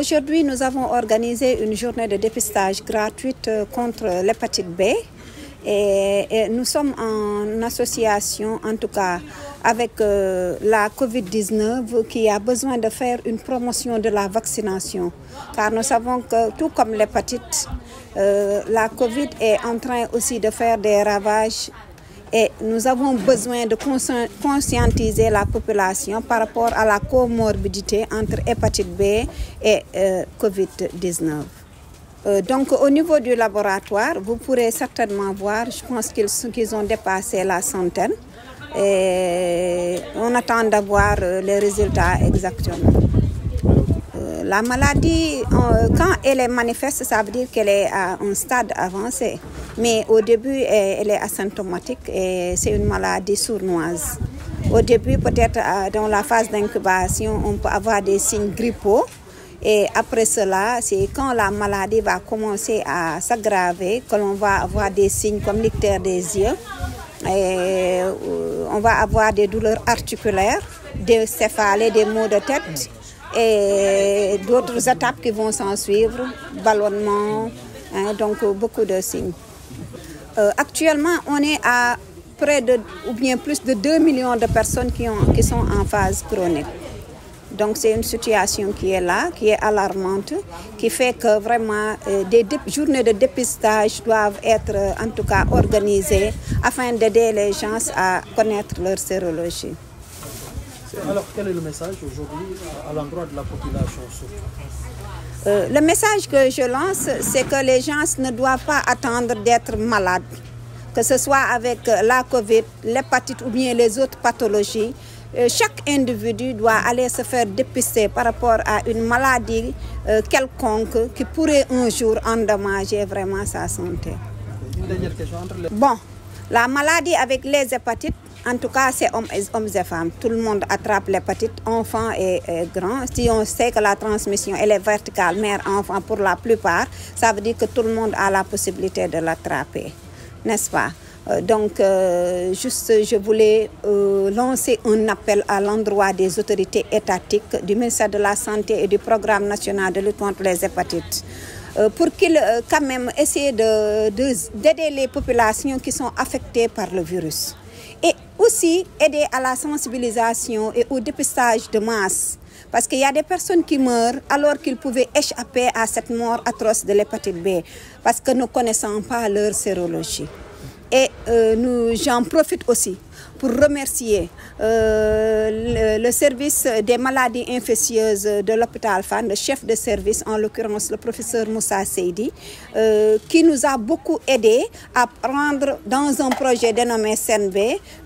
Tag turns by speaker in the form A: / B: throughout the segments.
A: Aujourd'hui, nous avons organisé une journée de dépistage gratuite euh, contre l'hépatite B. Et, et, nous sommes en association, en tout cas, avec euh, la COVID-19 qui a besoin de faire une promotion de la vaccination. Car nous savons que, tout comme l'hépatite, euh, la COVID est en train aussi de faire des ravages et nous avons besoin de conscientiser la population par rapport à la comorbidité entre hépatite B et euh, COVID-19. Euh, donc au niveau du laboratoire, vous pourrez certainement voir, je pense qu'ils qu ont la centaine et on attend d'avoir euh, les résultats exactement. La maladie, euh, quand elle est manifeste, ça veut dire qu'elle est à un stade avancé. Mais au début, euh, elle est asymptomatique et c'est une maladie sournoise. Au début, peut-être euh, dans la phase d'incubation, on peut avoir des signes grippaux. Et après cela, c'est quand la maladie va commencer à s'aggraver que l'on va avoir des signes comme l'ictère des yeux. Et on va avoir des douleurs articulaires, des céphalées, des maux de tête. et d'autres étapes qui vont s'en suivre, ballonnement, donc beaucoup de signes. Euh, actuellement, on est à près de, ou bien plus de deux millions de personnes qui, ont, qui sont en phase chronique. Donc c'est une situation qui est là, qui est alarmante, qui fait que vraiment euh, des journées de dépistage doivent être euh, en tout cas organisées afin d'aider les gens à connaître leur sérologie. Alors, quel est le message aujourd'hui à l'endroit de la population surtout euh, que je lance, c'est que les gens ne doivent pas attendre d'être malades, que ce soit avec euh, la COVID, l'hépatite ou bien les autres pathologies. Euh, chaque individu doit aller se faire dépister par rapport à une maladie euh, quelconque qui pourrait un jour endommager vraiment sa santé. la maladie avec les hépatites, En tout cas, c'est hommes, hommes et femmes. Tout le monde attrape l'hépatite, enfants et, et grands. Si on sait que la transmission elle est verticale, mère-enfant pour la plupart, ça veut dire que tout le monde a la possibilité de l'attraper, n'est-ce pas? Euh, donc euh, juste je voulais euh, lancer un appel à l'endroit des autorités étatiques du ministère de la santé et du programme national de lutte contre les hépatites euh, pour qu'ils euh, quand même essayent de d'aider les populations qui sont affectées par le virus et Aussi, aider à la sensibilisation et au dépistage de masse. Parce qu'il y a des personnes qui meurent alors qu'ils pouvaient échapper à cette mort atroce de l'hépatite B, parce que nous ne connaissons pas leur sérologie. Et euh, nous, j'en profite aussi pour remercier euh, le, le, service des maladies infectieuses de l'hôpital FAN, le chef de service, en l'occurrence le professeur Moussa Seydi, euh, qui nous a beaucoup aidé à prendre dans un projet dénommé SNB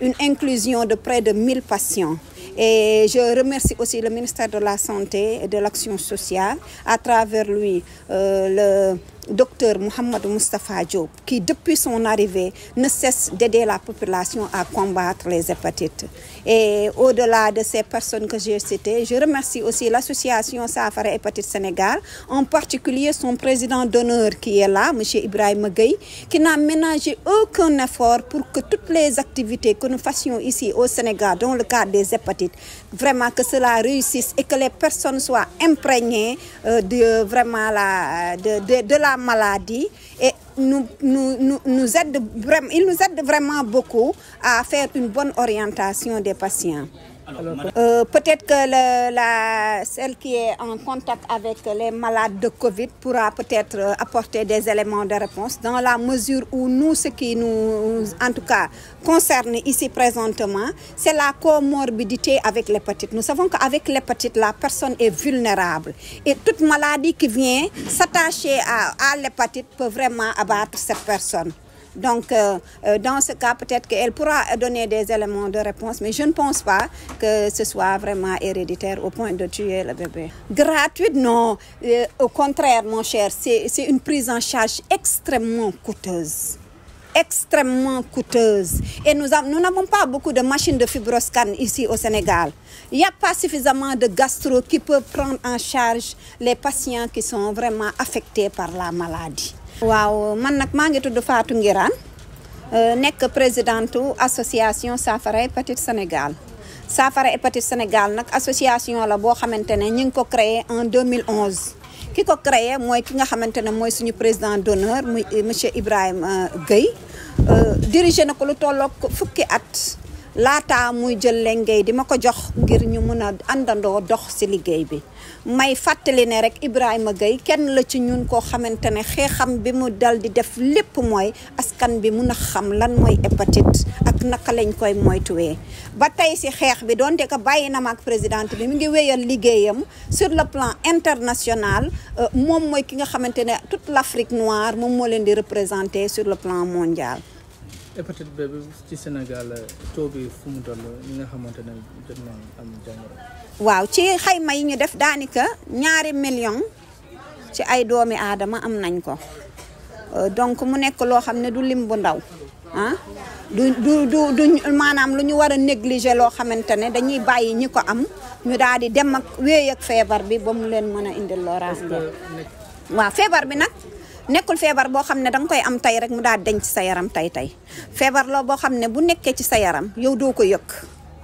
A: une inclusion de près de 1000 patients. Et je remercie aussi le ministère de la Santé et de l'Action sociale, à travers lui, euh, le docteur Mohamed Moustapha Diop, qui depuis son arrivée ne cesse d'aider la population à combattre les hépatites. Et au-delà de ces personnes que j'ai citées, je remercie aussi l'association Safara Hépatite Sénégal, en particulier son président d'honneur qui est là, monsieur Ibrahim Gueye, qui n'a ménagé aucun effort pour que toutes les activités que nous fassions ici au Sénégal dans le cadre des hépatites, vraiment que cela réussisse et que les personnes soient imprégnées euh, de vraiment la, de, la maladie et nous, nous, nous, nous aide, il nous aide vraiment beaucoup à faire une bonne orientation des patients. Euh, peut-être que le, la, celle qui est en contact avec les malades de Covid pourra peut-être euh, apporter des éléments de réponse dans la mesure où nous, ce qui nous, en tout cas, concerne ici présentement, c'est la comorbidité avec l'hépatite. Nous savons qu'avec l'hépatite, la personne est vulnérable et toute maladie qui vient s'attacher à, à l'hépatite peut vraiment abattre cette personne. Donc, euh, euh, dans ce cas, peut-être qu'elle pourra donner des éléments de réponse, mais je ne pense pas que ce soit vraiment héréditaire au point de tuer le bébé. Gratuite, non. Euh, au contraire, mon cher, c'est une prise en charge extrêmement coûteuse extrêmement coûteuse. Et nous n'avons pas beaucoup de machines de fibroscan ici au Sénégal. Il n'y a pas suffisamment de gastro qui peuvent prendre en charge les patients qui sont vraiment affectés par la maladie. waaw man nag maa ngi tudd Fatou Ngirane euh, nekk présidente association Saafara Hépatite Sénégal Saafara Hépatite Sénégal nag association la boo xamante ne ñu ngi ko créé en 2011. ki ko créé mooy ki nga xamante ne mooy suñu président d'honneur muy euh, monsieur Ibrahima euh, Gueye dirigé na ko lu tolloog fukki at. laata muy jël lengay di ma ko jox ngir ñu mun a àndandoo dox ci liggéey bi may fàttali ne rek Ibrahima Gueye kenn la ci ñun koo xamante ne xeexam bi mu dal di def lépp mooy askan bi mun a xam lan mooy hépatite ak naka lañ koy moytuwee. ba tey ci xeex bi donte ko bàyyi na ma ak présidente bi mu ngi wéyal liggéeyam sur le plan international euh, moom mooy ki nga xamante ne toute l'Afrique noire moom moo leen di représenter sur le plan mondial. hépatite B bi ci Sénégal taux bi fu mu toll nga xamante ne waaw ci xayma yi ñu def daanaka ñaari million ci ay doomi aadama am nañ ko euh, donc mu nekk loo xam ne du lim bu ndaw ah du du du du maanaam lu ñu war a négliger loo xamante ne dañuy bàyyi ñi ko am ñu daal di dem ak wéy ak feebar bi ba mu leen mën a indil loraange. waaw feebar bi nag. nekkul feebar boo xam ne danga koy am tey rek mu daal denc sa yaram tey tey feebar loo boo xam ne bu nekkee ci sa yaram yow doo ko yëg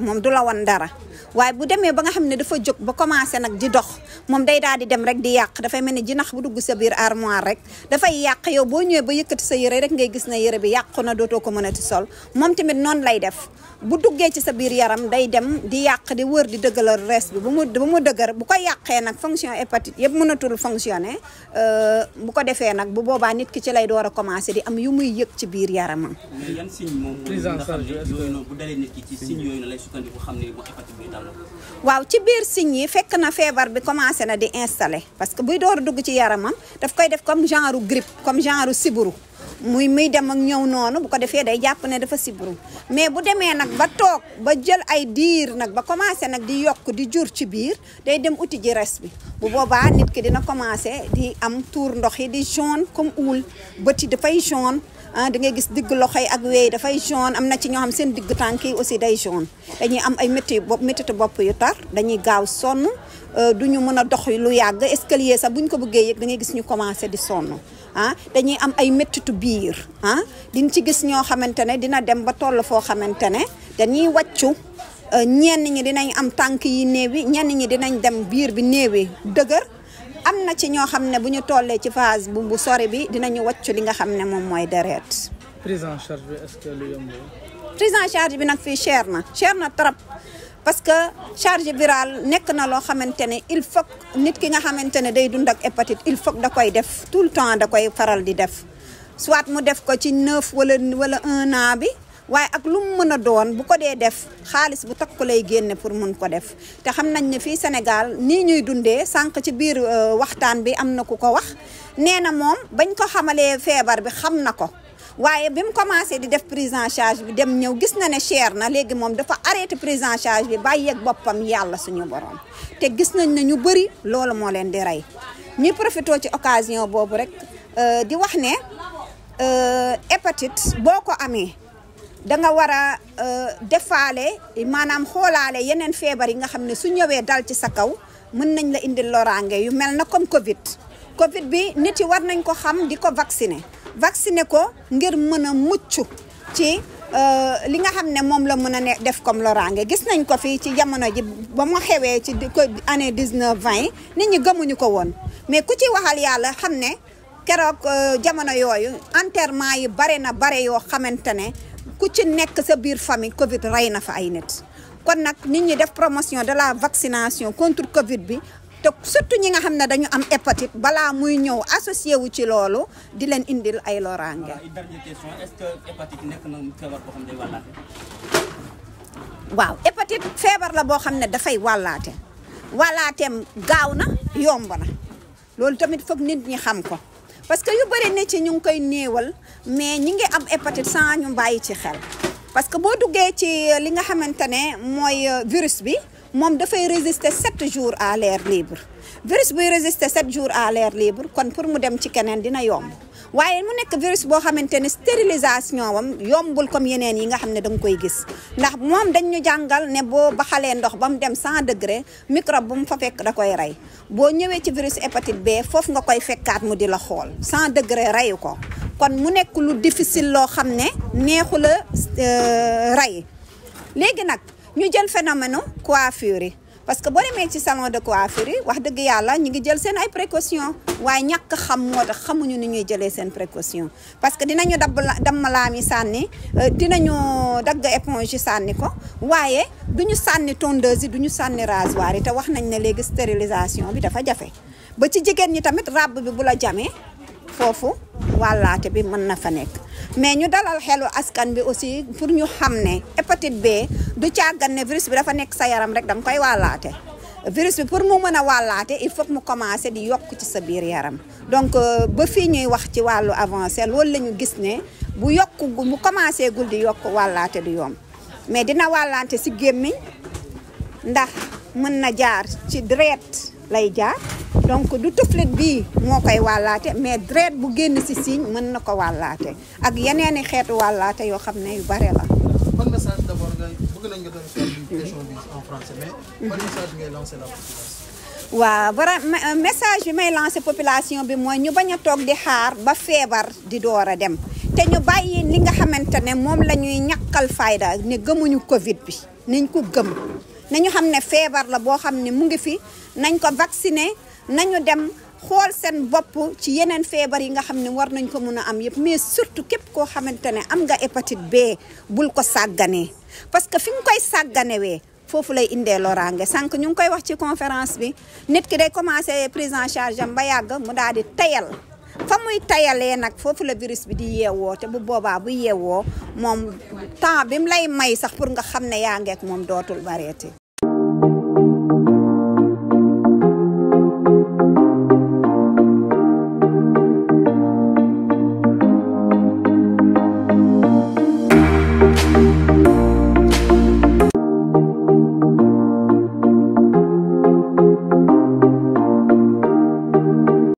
A: moom du la wan dara waaye bu demee ba nga xam ne dafa jóg ba commencé nag di dox moom day daal di dem rek di yàq dafay mel ni jinax bu dugg sa biir armoire rek dafay yàq yow boo ñëwee ba yëkkati sa yére rek ngay gis na yére bi yàqu na dootoo ko mënati sol moom tamit noonu lay def bu duggee ci sa biir yaram day dem di yàq di wër di dëgëral res bi bu mu mu dëgër bu ko yàqee nag fonction hépatite yëpp mënatul fonctionner euh, bu ko defee nag bu boobaa nit ki ci lay door a commencer di am yu muy yëg ci biir yaramam. mais ci waaw ci biir signe yi fekk na feebar bi commencé na di installer parce que buy door a dugg ci yaramam daf koy def comme genre grip comme genre siburu. muy muy dem ak ñëw noonu bu ko defee day jàpp ne dafa sibru mais bu demee nag ba toog ba jël ay diir nag ba commencé nag di yokk di jur ci biir day dem uti ji res bi bu boobaa nit ki dina commencé di am tuur ndox yi di jaune comme uul bët yi dafay jaune ah da ngay gis digg loxo yi ak wéy dafay jaune am na ci ñoo xam seen digg tànk yi aussi day jaune dañuy am ay métti bopp métti bopp yu tar dañuy gaaw sonn euh, du ñu mën a dox lu yàgg escalier sax bu ñu ko bëggee yëg da ngay gis ñu commencé di sonn ah dañuy am ay méttitu biir ah diñ ci gis ñoo xamante ne dina dem ba toll foo xamante ne dañuy waccu euh, ñenn ñi dinañ am tànk yi néewi ñenn ñi dinañ dem biir bi néewi dëgër am na ci ñoo xam ne bu ñu tollee ci phase bu sori bi dinañu wàccu li nga xam ne moom mooy deret prise en charge bi nag fii cher na cher na trop parce que charge virale nekk na loo xamante ne il faut nit ki nga xamante ne day dund ak hépatite il faut da koy def tout le temps da koy faral di def soit mu def ko ci neuf wala wala un an bi waaye ak lu mu mën a doon bu ko dee def xaalis bu takku lay génne pour mun ko def te xam nañ ne fii Sénégal nii ñuy dundee sànq ci biir euh, waxtaan bi am na ku ko wax nee na moom bañ ko xamalee feebar bi xam na ko waaye bi mu commencé di def prise en charge bi dem ñëw gis na ne cher na léegi moom dafa arrêté prise en charge bi bàyyeeg boppam yàlla suñu borom te gis nañ ne ñu bëri loolu moo leen di rey ñuy profité ci occasion boobu rek euh, di wax ne euh, hépatite boo ko amee da nga war a euh, defaale maanaam xoolaale yeneen feebar yi nga xam ne su ñëwee dal ci sa kaw mën nañ la indil loraange yu mel na comme Covid Covid bi nit yi war nañ ko xam di ko vacciner. vacciner ko ngir mën a mucc ci euh, li nga xam ne moom la mën a ne def comme loraange gis nañ ko fii ci jamono ji ba mu xewee ci ko année dix neuf vingt yi nit ñi gëmuñu ko woon mais ku ci waxal yàlla xam ne keroog euh, jamono yooyu enterrement yi bare na bare yoo xamante ne ku ci nekk sa biir famille Covid rey na fa ay nit kon nag nit ñi def promotion de la vaccination contre Covid bi te surtout ñi nga xam ne dañu am hépatite balaa muy ñëw associé wu ci loolu di leen indil ay loraange. dernière feebar la boo xam ne dafay wàllaate wàllaateem gaaw na yomb na loolu tamit foog nit ñi xam ko parce que yu bëri ci ñu ngi koy néewal mais ñi ngi am hépatite sans ñu bàyyi ci xel parce que boo duggee ci li nga xamante ne mooy euh, virus bi. moom dafay résister sept jour à l'air libre virus buy résister sept jours à l'air libre kon pour mu dem ci keneen dina yomb waaye mu nekk virus boo xamante ne stérilisation am yombul comme yeneen yi nga xam ne da koy gis ndax moom dañu ñu jàngal ne boo baxalee ndox ba mu dem 100 degré microbe bu mu fa fekk da koy rey boo ñëwee ci virus hépatite B foofu nga koy fekkaat mu di la xool 100 degré reyu ko kon mu nekk lu difficile loo xam ne neexu la euh, rey léegi nag. ñu jël phénomène coiffure yi parce que boo demee ci salon de coiffure yi wax dëgg yàlla ñu ngi jël seen ay précaution waaye ñàkk xam moo tax xamuñu ni ñuy jëlee seen précaution parce que dinañu dabb damm laam yi sànni euh, dinañu dagg éponge yi sànni ko waaye ñu sànni tondeuse yi duñu sànni rasoir yi te wax nañ ne léegi stérilisation bi dafa jafe ba ci jigéen ñi tamit ràbb bi bu jamee foofu wàllaate bi mën na fa nekk mais ñu dalal xelu askan bi aussi pour ñu xam ne hépatite B du càggan ne virus bi dafa nekk sa yaram rek danga koy wàllaate virus bi pour mu mën a wàllaate il faut mu commencer di yokk ci sa biir yaram donc euh, ba fii ñuy wax ci wàllu avancé loolu lañu gis ne bu yokku mu commencé gul di yokk wàllaate du yomb mais dina wàllaate si gémmiñ ndax mën na jaar ci deret lay jaar donc du tuflit bii moo koy wàllaate mais dret bu génn si siiñ mën na ko wàllaate ak yeneeni xeetu wàllaate yoo xam ne yu bare la. ban message bi bara euh, message bi may lancer population bi mooy ñu bañ a toog di xaar ba feebar di door a dem te ñu bàyyi li nga xamante ne moom la ñuy ñàkkal fayda ne gëmuñu Covid bi nañ ko gëm nañu xam ne feebar la boo xam ne mu ngi fi nañ ko vacciner. nañu dem xool seen bopp ci yeneen feebar yi nga xam ne war nañ ko mun a am yëpp mais surtout képp koo xamante ne am nga hépatite B bul ko sàgganee parce que fi nga koy sàgganewee foofu lay indee loraange sànq ñu ngi koy wax ci conférence bi nit ki day commencé prise en charge am ba yàgg mu daal di tayal fa muy tayalee nag foofu la virus bi di yeewoo te bu boobaa bu yeewoo moom temps bi mu lay may sax pour nga xam ne yaa ngeek moom dootul bareeti